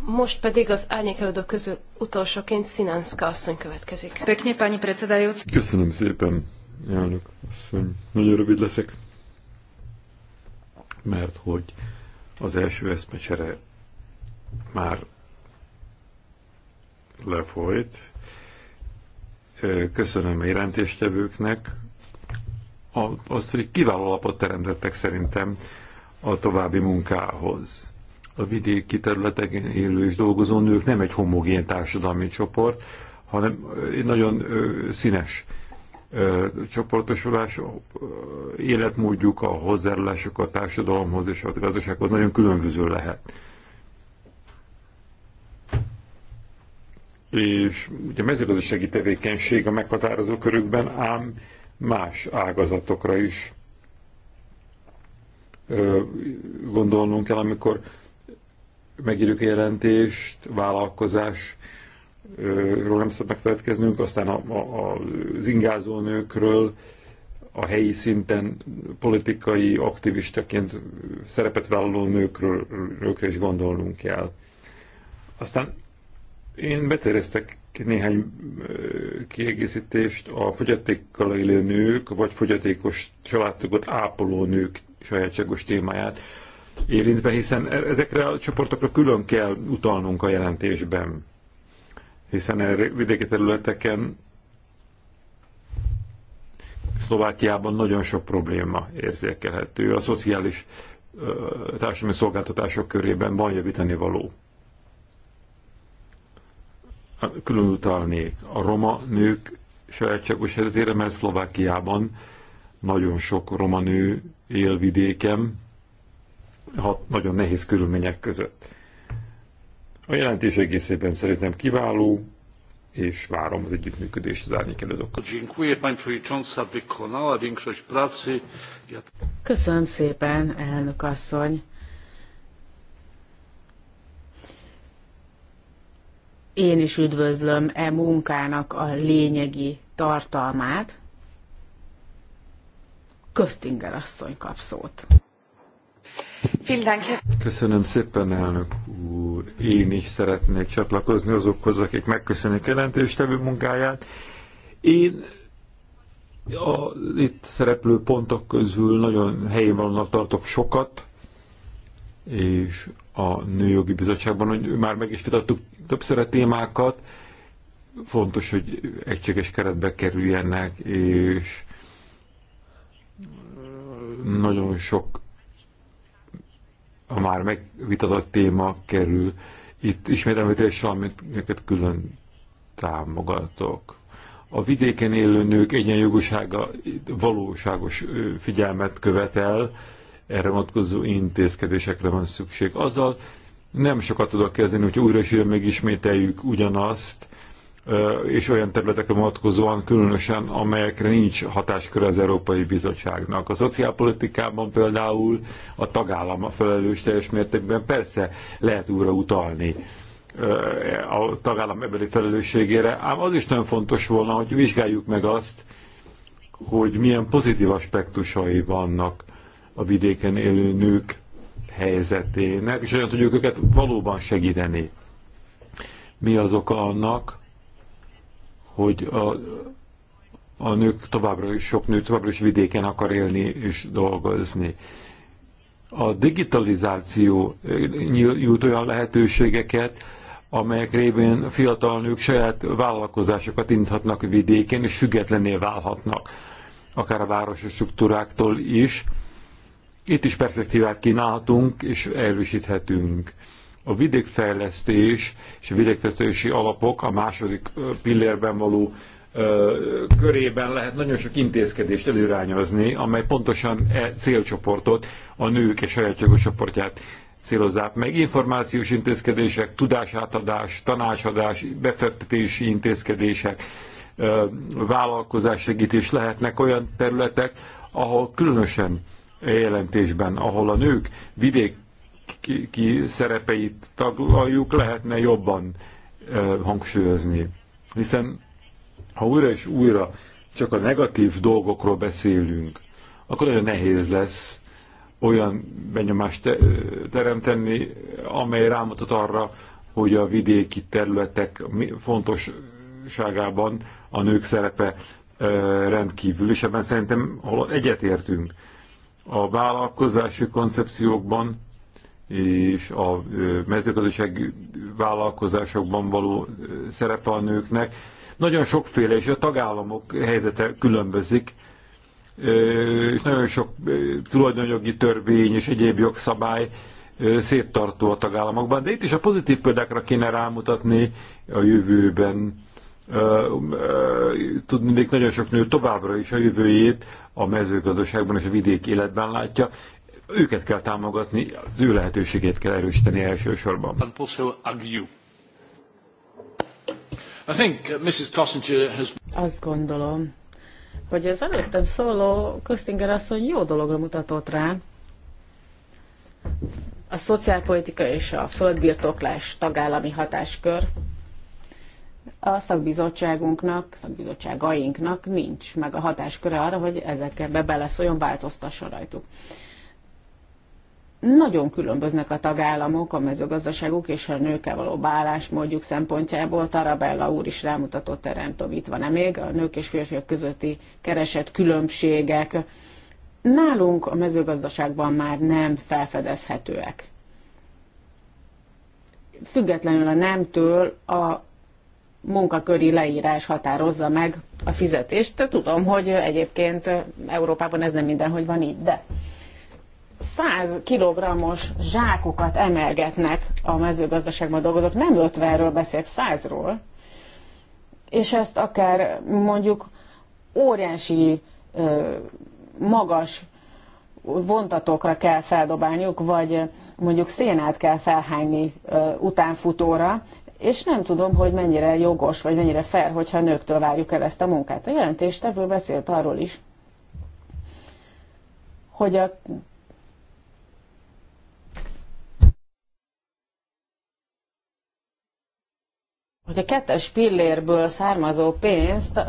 most pedig az árnyékelődők közül utolsóként Színánszka asszony következik. Pöknyi, pányi precedájúc. Köszönöm szépen, elnök asszony. Nagyon rövid leszek, mert hogy az első eszmecsere már lefolyt. Köszönöm a jelentéstevőknek, azt, hogy kiváló alapot teremtettek szerintem a további munkához. A vidéki területeken élő és dolgozó nők nem egy homogén társadalmi csoport, hanem egy nagyon színes csoportosulás, életmódjuk, a hozzárulásuk a társadalomhoz és a gazdasághoz nagyon különböző lehet. És ugye a mezőgazdasági tevékenység a meghatározó körükben, ám más ágazatokra is gondolnunk kell, amikor megírjuk a jelentést, vállalkozás, ról nem szabad megfeledkeznünk, aztán a, a, az ingázó nőkről, a helyi szinten politikai aktivistaként szerepet vállaló nőkről, nőkről is gondolnunk kell. Aztán én beterjesztek néhány kiegészítést a fogyatékkal élő nők, vagy fogyatékos családtagot ápoló nők sajátságos témáját érintve, hiszen e- ezekre a csoportokra külön kell utalnunk a jelentésben, hiszen erre vidéki területeken Szlovákiában nagyon sok probléma érzékelhető. A szociális társadalmi szolgáltatások körében van javítani való. Hát külön utalnék a roma nők sajátságos helyzetére, mert Szlovákiában nagyon sok roma nő él vidéken, hat, nagyon nehéz körülmények között. A jelentés egészében szerintem kiváló, és várom az együttműködést az árnyékelődőkkel. Köszönöm szépen, elnök asszony. Én is üdvözlöm e munkának a lényegi tartalmát. Köztinger asszony kap szót. Köszönöm szépen, elnök úr. Én is szeretnék csatlakozni azokhoz, akik megköszönik jelentéstevő munkáját. Én a itt szereplő pontok közül nagyon helyén vannak tartok sokat, és a Nőjogi Bizottságban, hogy már meg is vitattuk többször a témákat, fontos, hogy egységes keretbe kerüljenek, és nagyon sok a már megvitatott téma kerül. Itt ismét említésre, neked külön támogatok. A vidéken élő nők egyenjogúsága valóságos figyelmet követel, erre vonatkozó intézkedésekre van szükség. Azzal nem sokat tudok kezdeni, hogy újra és újra megismételjük ugyanazt, és olyan területekre vonatkozóan különösen, amelyekre nincs hatáskör az Európai Bizottságnak. A szociálpolitikában például a tagállam a felelős teljes mértékben persze lehet újra utalni a tagállam ebeli felelősségére, ám az is nagyon fontos volna, hogy vizsgáljuk meg azt, hogy milyen pozitív aspektusai vannak a vidéken élő nők helyzetének, és olyan tudjuk őket valóban segíteni. Mi az oka annak, hogy a, a nők továbbra is, sok nő továbbra is vidéken akar élni és dolgozni. A digitalizáció nyújt olyan lehetőségeket, amelyek révén a fiatal nők saját vállalkozásokat indhatnak vidéken, és függetlenné válhatnak, akár a városi struktúráktól is, itt is perspektívát kínálhatunk és erősíthetünk. A vidékfejlesztés és a vidékfejlesztési alapok a második pillérben való körében lehet nagyon sok intézkedést előrányozni, amely pontosan e célcsoportot, a nők és sajátságos csoportját célozzák meg. Információs intézkedések, tudásátadás, tanácsadás, befektetési intézkedések, vállalkozás segítés lehetnek olyan területek, ahol különösen jelentésben, ahol a nők vidéki szerepeit taglaljuk, lehetne jobban hangsúlyozni. Hiszen ha újra és újra csak a negatív dolgokról beszélünk, akkor nagyon nehéz lesz olyan benyomást teremteni, amely rámutat arra, hogy a vidéki területek fontosságában a nők szerepe rendkívül, és ebben szerintem egyetértünk a vállalkozási koncepciókban és a mezőgazdaság vállalkozásokban való szerepe a nőknek. Nagyon sokféle, és a tagállamok helyzete különbözik, és nagyon sok tulajdonjogi törvény és egyéb jogszabály széttartó a tagállamokban. De itt is a pozitív példákra kéne rámutatni a jövőben Tudni még nagyon sok nő továbbra is a jövőjét a mezőgazdaságban és a vidék életben látja. Őket kell támogatni, az ő lehetőségét kell erősíteni elsősorban. Uh, Azt gondolom, hogy az előttem szóló Köztinger asszony jó dologra mutatott rá. A szociálpolitika és a földbirtoklás tagállami hatáskör a szakbizottságunknak, szakbizottságainknak nincs meg a hatásköre arra, hogy ezekbe beleszóljon, változtasson rajtuk. Nagyon különböznek a tagállamok, a mezőgazdaságuk és a nőkkel való bálásmódjuk szempontjából. Tarabella úr is rámutatott erre, nem tudom, itt van-e még, a nők és férfiak közötti keresett különbségek. Nálunk a mezőgazdaságban már nem felfedezhetőek. Függetlenül a nemtől a munkaköri leírás határozza meg a fizetést. Tudom, hogy egyébként Európában ez nem mindenhogy van így, de 100 kilogrammos zsákokat emelgetnek a mezőgazdaságban dolgozók, nem 50-ről beszélek, 100-ról, és ezt akár mondjuk óriási, magas vontatókra kell feldobálniuk, vagy mondjuk szénát kell felhányni utánfutóra, és nem tudom, hogy mennyire jogos, vagy mennyire fair, hogyha nőktől várjuk el ezt a munkát. A jelentéstevő beszélt arról is, hogy a hogy a kettes pillérből származó pénzt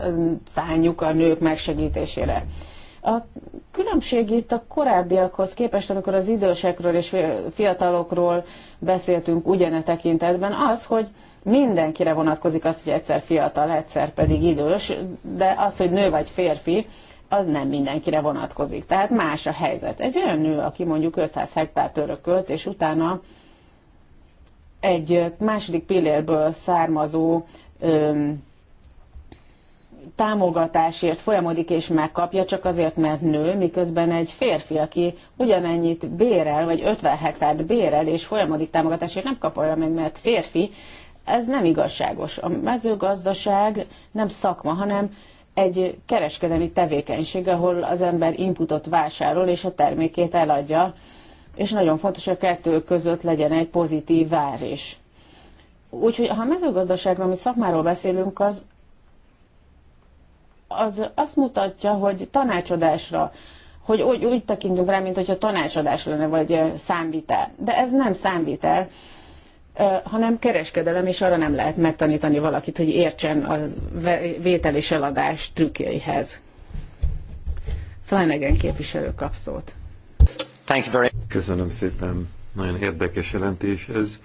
szálljuk a nők megsegítésére. A különbség itt a korábbiakhoz képest, amikor az idősekről és fiatalokról beszéltünk ugyane tekintetben, az, hogy mindenkire vonatkozik az, hogy egyszer fiatal, egyszer pedig idős, de az, hogy nő vagy férfi, az nem mindenkire vonatkozik. Tehát más a helyzet. Egy olyan nő, aki mondjuk 500 hektárt örökölt, és utána egy második pillérből származó öm, támogatásért folyamodik és megkapja, csak azért, mert nő, miközben egy férfi, aki ugyanennyit bérel, vagy 50 hektárt bérel, és folyamodik támogatásért nem kap olyan meg, mert férfi, ez nem igazságos. A mezőgazdaság nem szakma, hanem egy kereskedelmi tevékenység, ahol az ember inputot vásárol, és a termékét eladja, és nagyon fontos, hogy a kettő között legyen egy pozitív vár is. Úgyhogy ha a mezőgazdaságról, mi szakmáról beszélünk, az az azt mutatja, hogy tanácsadásra, hogy úgy, úgy tekintünk rá, mint hogyha tanácsadás lenne, vagy eh, számvitel. De ez nem számvitel, eh, hanem kereskedelem, és arra nem lehet megtanítani valakit, hogy értsen a vétel és eladás trükkjeihez. Flanagan képviselő kap szót. Köszönöm szépen, nagyon érdekes jelentés ez.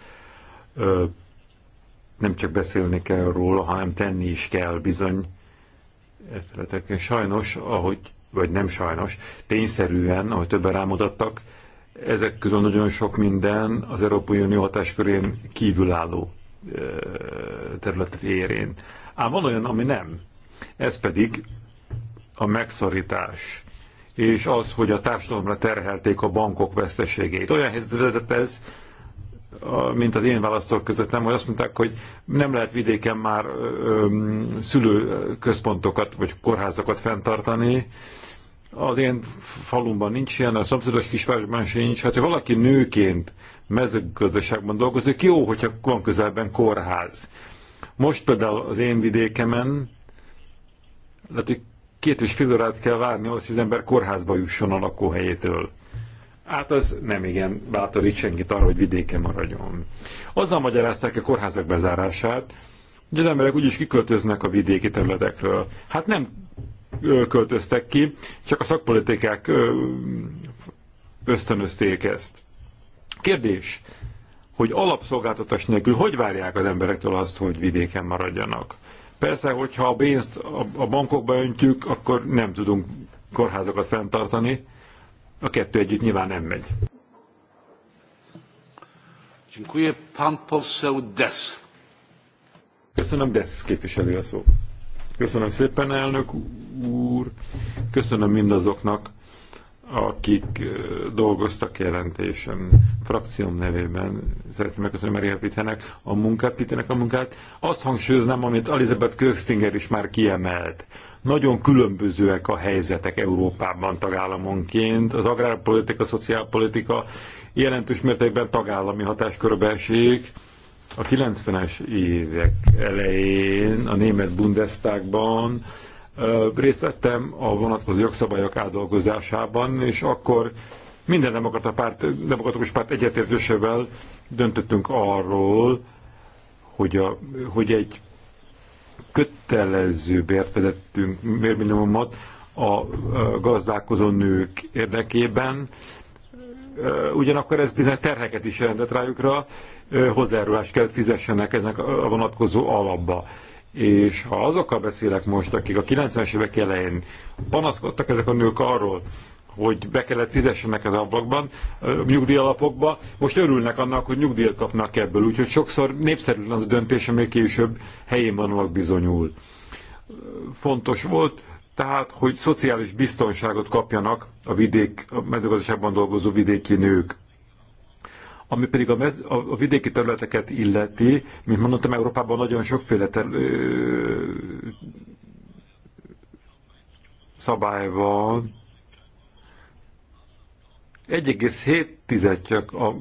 nem csak beszélni kell róla, hanem tenni is kell bizony felületeken. Sajnos, ahogy, vagy nem sajnos, tényszerűen, ahogy többen rámutattak, ezek közül nagyon sok minden az Európai Unió hatáskörén kívülálló területet érén. Ám van olyan, ami nem. Ez pedig a megszorítás és az, hogy a társadalomra terhelték a bankok veszteségét. Olyan helyzet ez, mint az én választók között, nem, hogy azt mondták, hogy nem lehet vidéken már szülőközpontokat vagy kórházakat fenntartani. Az én falumban nincs ilyen, a szomszédos kisvárosban sincs. Hát, ha valaki nőként mezőgazdaságban dolgozik, jó, hogyha van közelben kórház. Most például az én vidékemen, lehet, hogy két és fél órát kell várni ahhoz, hogy az ember kórházba jusson a lakóhelyétől hát az nem igen bátorít senkit arra, hogy vidéken maradjon. Azzal magyarázták a kórházak bezárását, hogy az emberek úgyis kiköltöznek a vidéki területekről. Hát nem költöztek ki, csak a szakpolitikák ösztönözték ezt. Kérdés, hogy alapszolgáltatás nélkül hogy várják az emberektől azt, hogy vidéken maradjanak? Persze, hogyha a pénzt a bankokba öntjük, akkor nem tudunk kórházakat fenntartani, a kettő együtt nyilván nem megy. Köszönöm, Desz képviselő a szó. Köszönöm szépen, elnök úr. Köszönöm mindazoknak, akik dolgoztak jelentésen. Frakcióm nevében szeretném megköszönni Maria Pitenek a munkát, Pitenek a munkát. Azt hangsúlyoznám, amit Elizabeth Köstinger is már kiemelt, nagyon különbözőek a helyzetek Európában tagállamonként. Az agrárpolitika, a szociálpolitika jelentős mértékben tagállami hatáskörbe esik. A 90-es évek elején a német Bundestagban részt vettem a vonatkozó jogszabályok átdolgozásában, és akkor minden demokrata párt, demokratikus párt egyetértésével döntöttünk arról, hogy, a, hogy egy kötelező bért vezettünk bérminimumot a gazdálkozó nők érdekében, ugyanakkor ez bizony terheket is jelentett rájukra, hozzájárulást kell fizessenek ennek a vonatkozó alapba. És ha azokkal beszélek most, akik a 90-es évek elején panaszkodtak ezek a nők arról, hogy be kellett fizessenek az ablakban, nyugdíjalapokba, most örülnek annak, hogy nyugdíjat kapnak ebből, úgyhogy sokszor népszerűen az a döntés, ami később helyén vannak bizonyul. Fontos volt, tehát, hogy szociális biztonságot kapjanak a vidék, a mezőgazdaságban dolgozó vidéki nők. Ami pedig a, mez, a, a vidéki területeket illeti, mint mondtam, Európában nagyon sokféle ter, ö, szabály van, 1,7 csak a, a,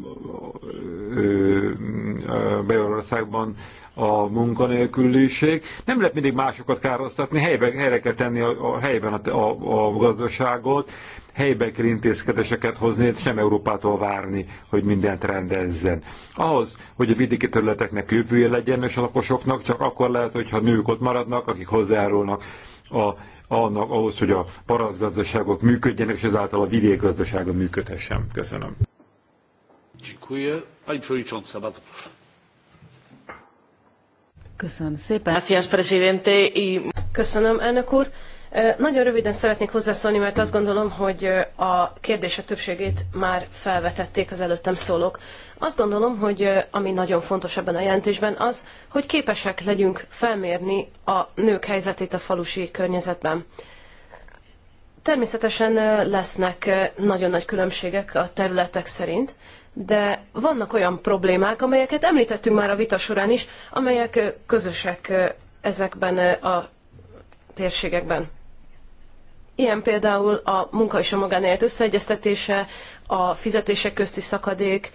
a, a a munkanélküliség. Nem lehet mindig másokat károsztatni, helyben helyre kell tenni a, a helyben a, a, a gazdaságot, helyben kell intézkedéseket hozni, és nem Európától várni, hogy mindent rendezzen. Ahhoz, hogy a vidéki területeknek jövője legyen, és a lakosoknak csak akkor lehet, hogyha nők ott maradnak, akik hozzárulnak a annak ahhoz, hogy a parasztgazdaságok működjenek, és ezáltal a vidék gazdasága működhessen. Köszönöm. Köszönöm szépen. Köszönöm, elnök úr. Nagyon röviden szeretnék hozzászólni, mert azt gondolom, hogy a kérdések többségét már felvetették az előttem szólók. Azt gondolom, hogy ami nagyon fontos ebben a jelentésben az, hogy képesek legyünk felmérni a nők helyzetét a falusi környezetben. Természetesen lesznek nagyon nagy különbségek a területek szerint, de vannak olyan problémák, amelyeket említettünk már a vita során is, amelyek közösek ezekben a térségekben. Ilyen például a munka és a magánélet összeegyeztetése, a fizetések közti szakadék,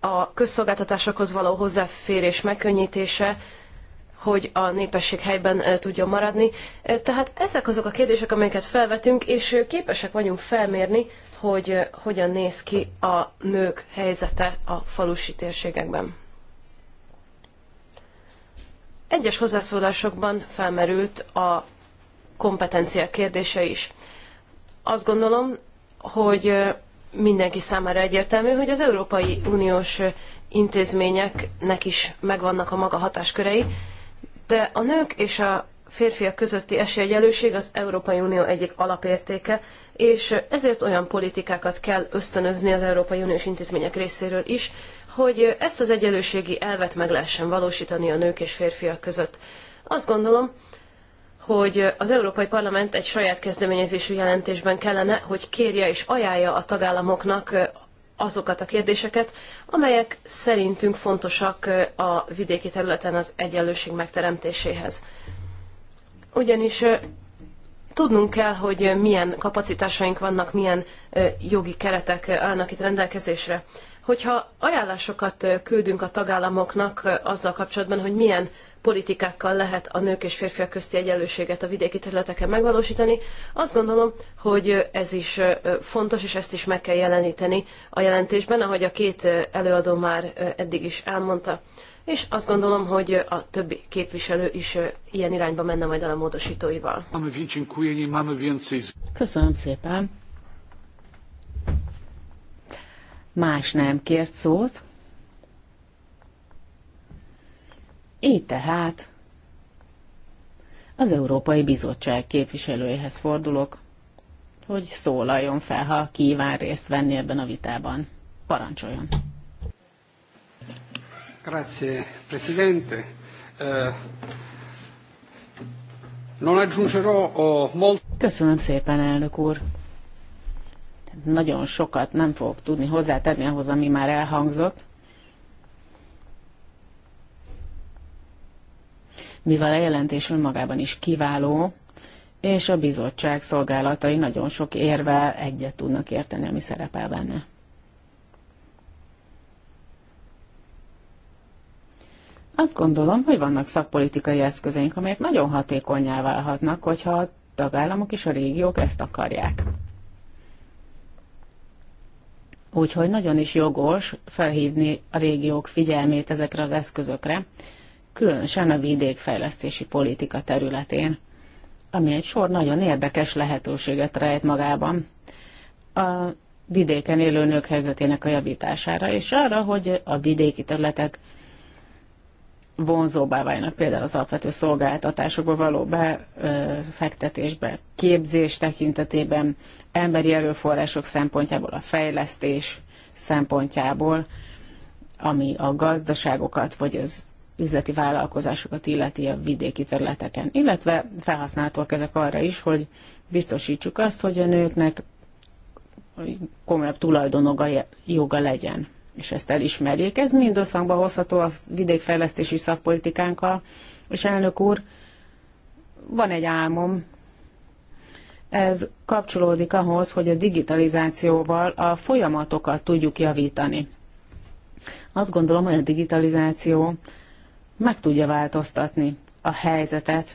a közszolgáltatásokhoz való hozzáférés megkönnyítése, hogy a népesség helyben tudjon maradni. Tehát ezek azok a kérdések, amelyeket felvetünk, és képesek vagyunk felmérni, hogy hogyan néz ki a nők helyzete a falusi térségekben. Egyes hozzászólásokban felmerült a kompetencia kérdése is. Azt gondolom, hogy mindenki számára egyértelmű, hogy az Európai Uniós intézményeknek is megvannak a maga hatáskörei, de a nők és a férfiak közötti esélyegyelőség az Európai Unió egyik alapértéke, és ezért olyan politikákat kell ösztönözni az Európai Uniós intézmények részéről is, hogy ezt az egyenlőségi elvet meg lehessen valósítani a nők és férfiak között. Azt gondolom, hogy az Európai Parlament egy saját kezdeményezésű jelentésben kellene, hogy kérje és ajánlja a tagállamoknak azokat a kérdéseket, amelyek szerintünk fontosak a vidéki területen az egyenlőség megteremtéséhez. Ugyanis tudnunk kell, hogy milyen kapacitásaink vannak, milyen jogi keretek állnak itt rendelkezésre. Hogyha ajánlásokat küldünk a tagállamoknak azzal kapcsolatban, hogy milyen politikákkal lehet a nők és férfiak közti egyenlőséget a vidéki területeken megvalósítani. Azt gondolom, hogy ez is fontos, és ezt is meg kell jeleníteni a jelentésben, ahogy a két előadó már eddig is elmondta. És azt gondolom, hogy a többi képviselő is ilyen irányba menne majd el a módosítóival. Köszönöm szépen. Más nem kért szót. Így tehát az Európai Bizottság képviselőjéhez fordulok, hogy szólaljon fel, ha kíván részt venni ebben a vitában. Parancsoljon! Grazie, Presidente. Uh, Köszönöm szépen, elnök úr. Nagyon sokat nem fogok tudni hozzátenni ahhoz, ami már elhangzott. mivel a jelentés önmagában is kiváló, és a bizottság szolgálatai nagyon sok érvel egyet tudnak érteni, ami szerepel benne. Azt gondolom, hogy vannak szakpolitikai eszközeink, amelyek nagyon hatékonyá válhatnak, hogyha a tagállamok és a régiók ezt akarják. Úgyhogy nagyon is jogos felhívni a régiók figyelmét ezekre az eszközökre, különösen a vidékfejlesztési politika területén, ami egy sor nagyon érdekes lehetőséget rejt magában. A vidéken élő nők helyzetének a javítására, és arra, hogy a vidéki területek vonzóbbá válnak például az alapvető szolgáltatásokba való befektetésbe, képzés tekintetében, emberi erőforrások szempontjából, a fejlesztés szempontjából, ami a gazdaságokat vagy az üzleti vállalkozásokat illeti a vidéki területeken, illetve felhasználhatóak ezek arra is, hogy biztosítsuk azt, hogy a nőknek komolyabb tulajdonoga joga legyen, és ezt elismerjék. Ez mind összhangba hozható a vidékfejlesztési szakpolitikánkkal, és elnök úr, van egy álmom, ez kapcsolódik ahhoz, hogy a digitalizációval a folyamatokat tudjuk javítani. Azt gondolom, hogy a digitalizáció meg tudja változtatni a helyzetet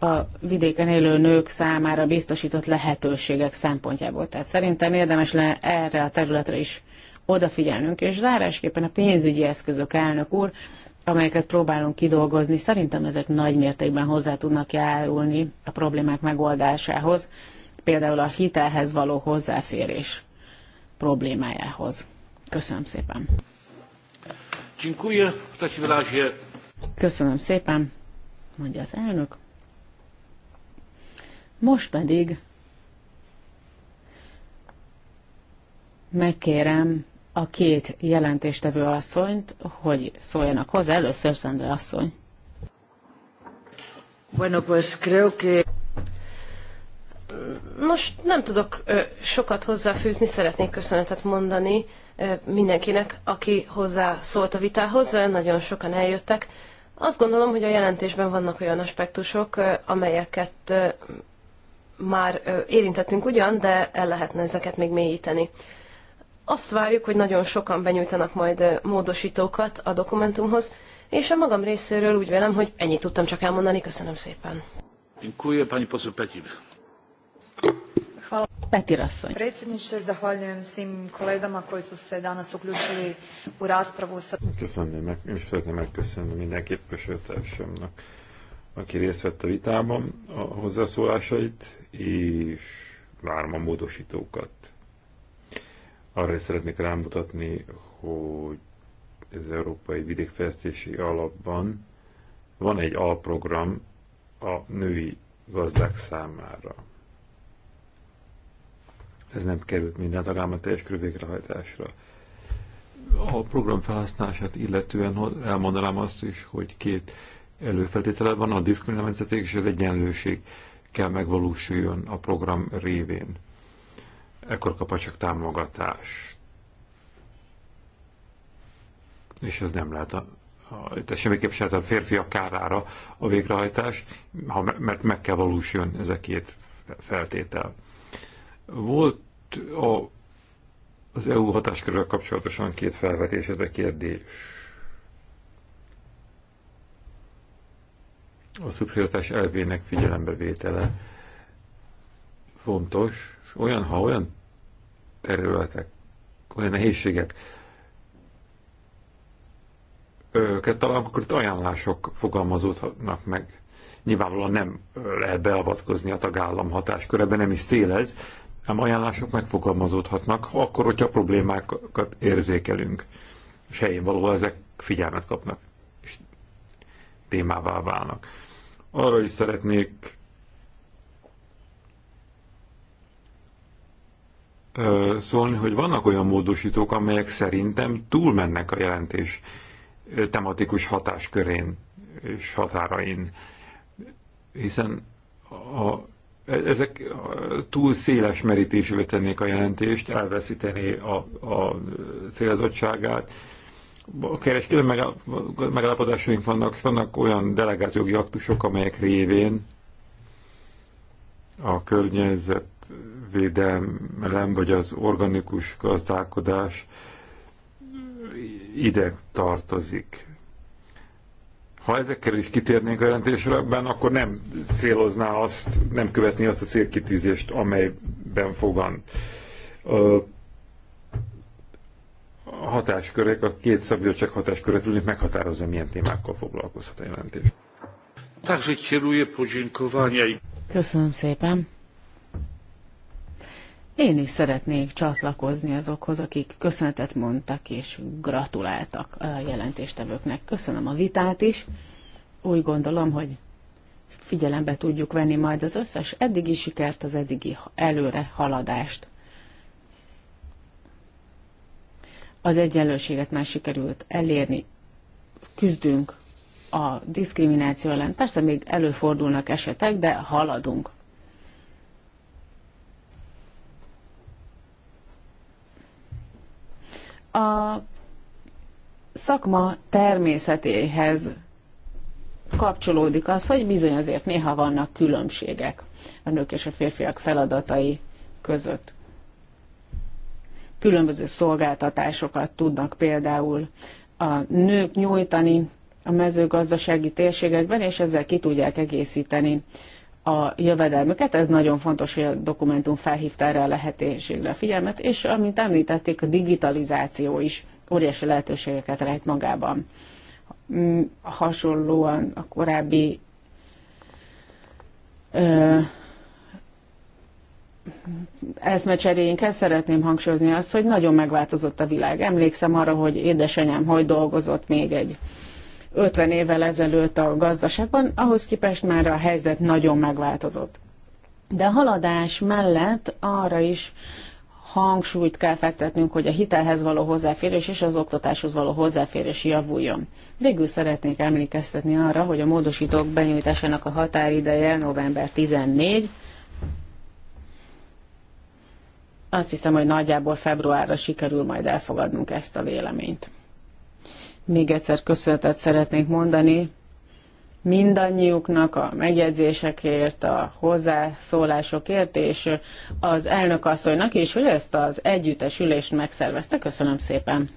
a vidéken élő nők számára biztosított lehetőségek szempontjából. Tehát szerintem érdemes lenne erre a területre is odafigyelnünk, és zárásképpen a pénzügyi eszközök, elnök úr, amelyeket próbálunk kidolgozni, szerintem ezek nagy mértékben hozzá tudnak járulni a problémák megoldásához, például a hitelhez való hozzáférés problémájához. Köszönöm szépen. Dziękuję. W takim razie Köszönöm szépen, mondja az elnök. Most pedig megkérem a két jelentéstevő asszonyt, hogy szóljanak hozzá. Először Szendre asszony. Bueno, pues creo que... Nos, nem tudok sokat hozzáfűzni, szeretnék köszönetet mondani mindenkinek, aki hozzá szólt a vitához. Nagyon sokan eljöttek azt gondolom, hogy a jelentésben vannak olyan aspektusok, amelyeket már érintettünk ugyan, de el lehetne ezeket még mélyíteni. Azt várjuk, hogy nagyon sokan benyújtanak majd módosítókat a dokumentumhoz, és a magam részéről úgy vélem, hogy ennyit tudtam csak elmondani. Köszönöm szépen. Dziękuję pani poseł Petir asszony. Köszönöm, meg, és szeretném megköszönni minden képviselőtársamnak, aki részt vett a vitában a hozzászólásait, és várom a módosítókat. Arra is szeretnék rámutatni, hogy az Európai Vidékfejlesztési Alapban van egy alprogram a női gazdák számára ez nem került minden a teljes körű végrehajtásra. A program felhasználását illetően elmondanám azt is, hogy két előfeltétele van, a diszkriminálmányzaték és az egyenlőség kell megvalósuljon a program révén. Ekkor kap csak támogatást. És ez nem lehet a itt semmiképp se a férfiak kárára a végrehajtás, ha, mert meg kell valósuljon ez a két feltétel. Volt a, az EU hatáskörrel kapcsolatosan két felvetés, ez a kérdés. A szubszidatás elvének figyelembevétele fontos, és olyan, ha olyan területek, olyan nehézségek őket találunk, akkor itt ajánlások fogalmazódhatnak meg. Nyilvánvalóan nem lehet beavatkozni a tagállam hatáskörebe, nem is szélez, ám ajánlások megfogalmazódhatnak, ha akkor, hogyha problémákat érzékelünk, és helyén való ezek figyelmet kapnak, és témává válnak. Arra is szeretnék szólni, hogy vannak olyan módosítók, amelyek szerintem túlmennek a jelentés tematikus hatáskörén és határain, hiszen a ezek túl széles merítésűvé tennék a jelentést, elveszíteni a, a célzottságát. A kereskedelmi megállapodásaink vannak, vannak olyan delegált jogi aktusok, amelyek révén a környezetvédelem vagy az organikus gazdálkodás ide tartozik. Ha ezekkel is kitérnénk a jelentésre, ebben akkor nem célozná azt, nem követné azt a célkitűzést, amelyben fogan. A hatáskörek, a két szabadság hatáskörre tudnék meghatározni milyen témákkal foglalkozhat a jelentés. Köszönöm szépen. Én is szeretnék csatlakozni azokhoz, akik köszönetet mondtak és gratuláltak a jelentéstevőknek. Köszönöm a vitát is. Úgy gondolom, hogy figyelembe tudjuk venni majd az összes eddigi sikert, az eddigi előre haladást. Az egyenlőséget már sikerült elérni, küzdünk a diszkrimináció ellen. Persze még előfordulnak esetek, de haladunk. a szakma természetéhez kapcsolódik az, hogy bizony azért néha vannak különbségek a nők és a férfiak feladatai között. Különböző szolgáltatásokat tudnak például a nők nyújtani a mezőgazdasági térségekben, és ezzel ki tudják egészíteni a jövedelmüket. Ez nagyon fontos, hogy a dokumentum felhívta erre a lehetőségre a figyelmet, és amint említették, a digitalizáció is óriási lehetőségeket rejt magában. Mm, hasonlóan a korábbi ö, eszmecseréinkhez szeretném hangsúlyozni azt, hogy nagyon megváltozott a világ. Emlékszem arra, hogy édesanyám hogy dolgozott még egy 50 évvel ezelőtt a gazdaságban, ahhoz képest már a helyzet nagyon megváltozott. De a haladás mellett arra is hangsúlyt kell fektetnünk, hogy a hitelhez való hozzáférés és az oktatáshoz való hozzáférés javuljon. Végül szeretnék emlékeztetni arra, hogy a módosítók benyújtásának a határideje november 14. Azt hiszem, hogy nagyjából februárra sikerül majd elfogadnunk ezt a véleményt. Még egyszer köszönetet szeretnék mondani mindannyiuknak a megjegyzésekért, a hozzászólásokért, és az elnökasszonynak is, hogy ezt az együttes ülést megszervezte. Köszönöm szépen!